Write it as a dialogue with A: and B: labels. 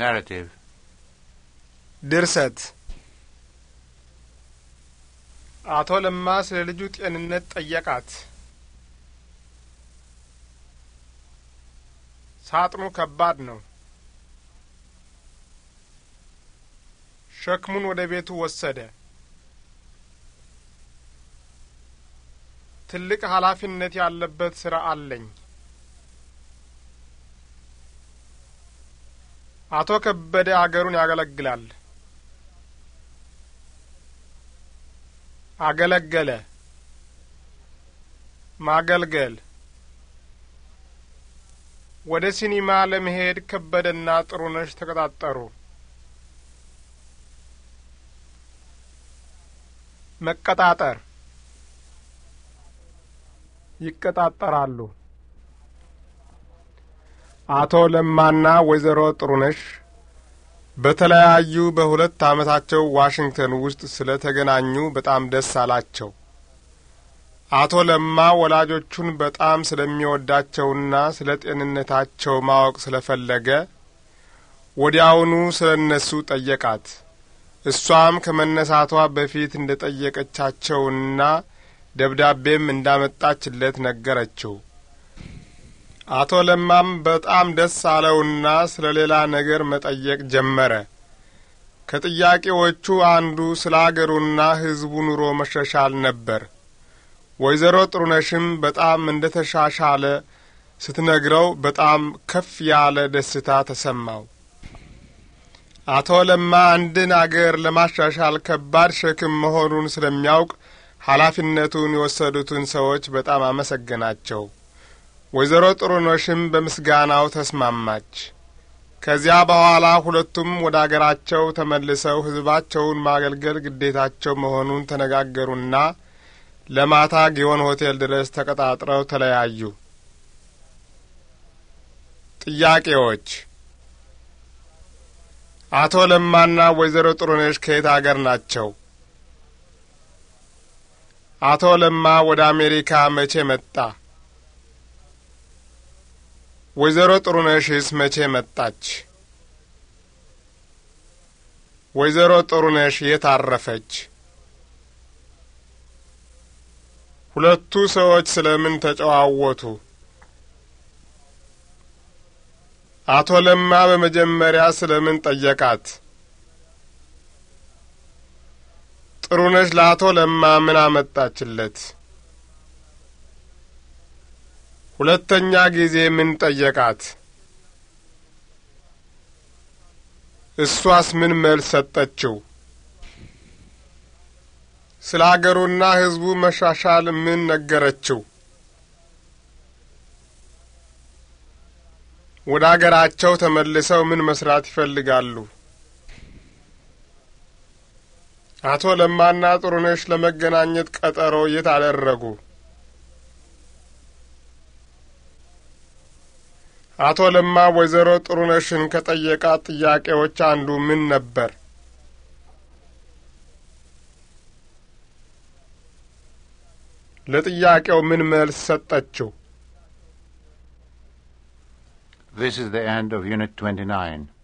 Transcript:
A: ናራቲቭ ድርሰት አቶ ለማ ስለ ልጁ ጤንነት ጠየቃት። ሳጥኑ ከባድ ነው። ሸክሙን ወደ ቤቱ ወሰደ። ትልቅ ኃላፊነት ያለበት ስራ አለኝ። አቶ ከበደ አገሩን ያገለግላል። አገለገለ፣ ማገልገል። ወደ ሲኒማ ለመሄድ ከበደና ጥሩነሽ ተቀጣጠሩ። መቀጣጠር፣ ይቀጣጠራሉ። አቶ ለማና ወይዘሮ ጥሩነሽ በተለያዩ በሁለት ዓመታቸው ዋሽንግተን ውስጥ ስለ ተገናኙ በጣም ደስ አላቸው። አቶ ለማ ወላጆቹን በጣም ስለሚወዳቸውና ስለ ጤንነታቸው ማወቅ ስለፈለገ ወዲያውኑ ስለ እነሱ ጠየቃት። እሷም ከመነሳቷ በፊት እንደ ጠየቀቻቸውና ደብዳቤም እንዳመጣችለት ነገረችው። አቶ ለማም በጣም ደስ አለውና ስለ ሌላ ነገር መጠየቅ ጀመረ። ከጥያቄዎቹ አንዱ ስለ አገሩና ሕዝቡ ኑሮ መሻሻል ነበር። ወይዘሮ ጥሩነሽም በጣም እንደ ተሻሻለ ስትነግረው በጣም ከፍ ያለ ደስታ ተሰማው። አቶ ለማ አንድን አገር ለማሻሻል ከባድ ሸክም መሆኑን ስለሚያውቅ ኃላፊነቱን የወሰዱትን ሰዎች በጣም አመሰገናቸው። ወይዘሮ ጥሩኖሽም በምስጋናው ተስማማች። ከዚያ በኋላ ሁለቱም ወደ አገራቸው ተመልሰው ሕዝባቸውን ማገልገል ግዴታቸው መሆኑን ተነጋገሩና ለማታ ጊዮን ሆቴል ድረስ ተቀጣጥረው ተለያዩ። ጥያቄዎች አቶ ለማና ወይዘሮ ጥሩነሽ ከየት አገር ናቸው? አቶ ለማ ወደ አሜሪካ መቼ መጣ? ወይዘሮ ጥሩነሽስ መቼ መጣች? ወይዘሮ ጥሩነሽ የት አረፈች? ሁለቱ ሰዎች ስለምን ተጨዋወቱ? አቶ ለማ በመጀመሪያ ስለምን ጠየቃት? ጥሩነሽ ለአቶ ለማ ምን አመጣችለት? ሁለተኛ ጊዜ ምን ጠየቃት? እሷስ ምን መልስ ሰጠችው? ስለ አገሩና ሕዝቡ መሻሻል ምን ነገረችው? ወደ አገራቸው ተመልሰው ምን መስራት ይፈልጋሉ? አቶ ለማና ጥሩነሽ ለመገናኘት ቀጠሮ የት አደረጉ? አቶ ለማ ወይዘሮ ጥሩነሽን ከጠየቃት ጥያቄዎች አንዱ ምን ነበር? ለጥያቄው ምን መልስ ሰጠችው? This is the end of Unit 29.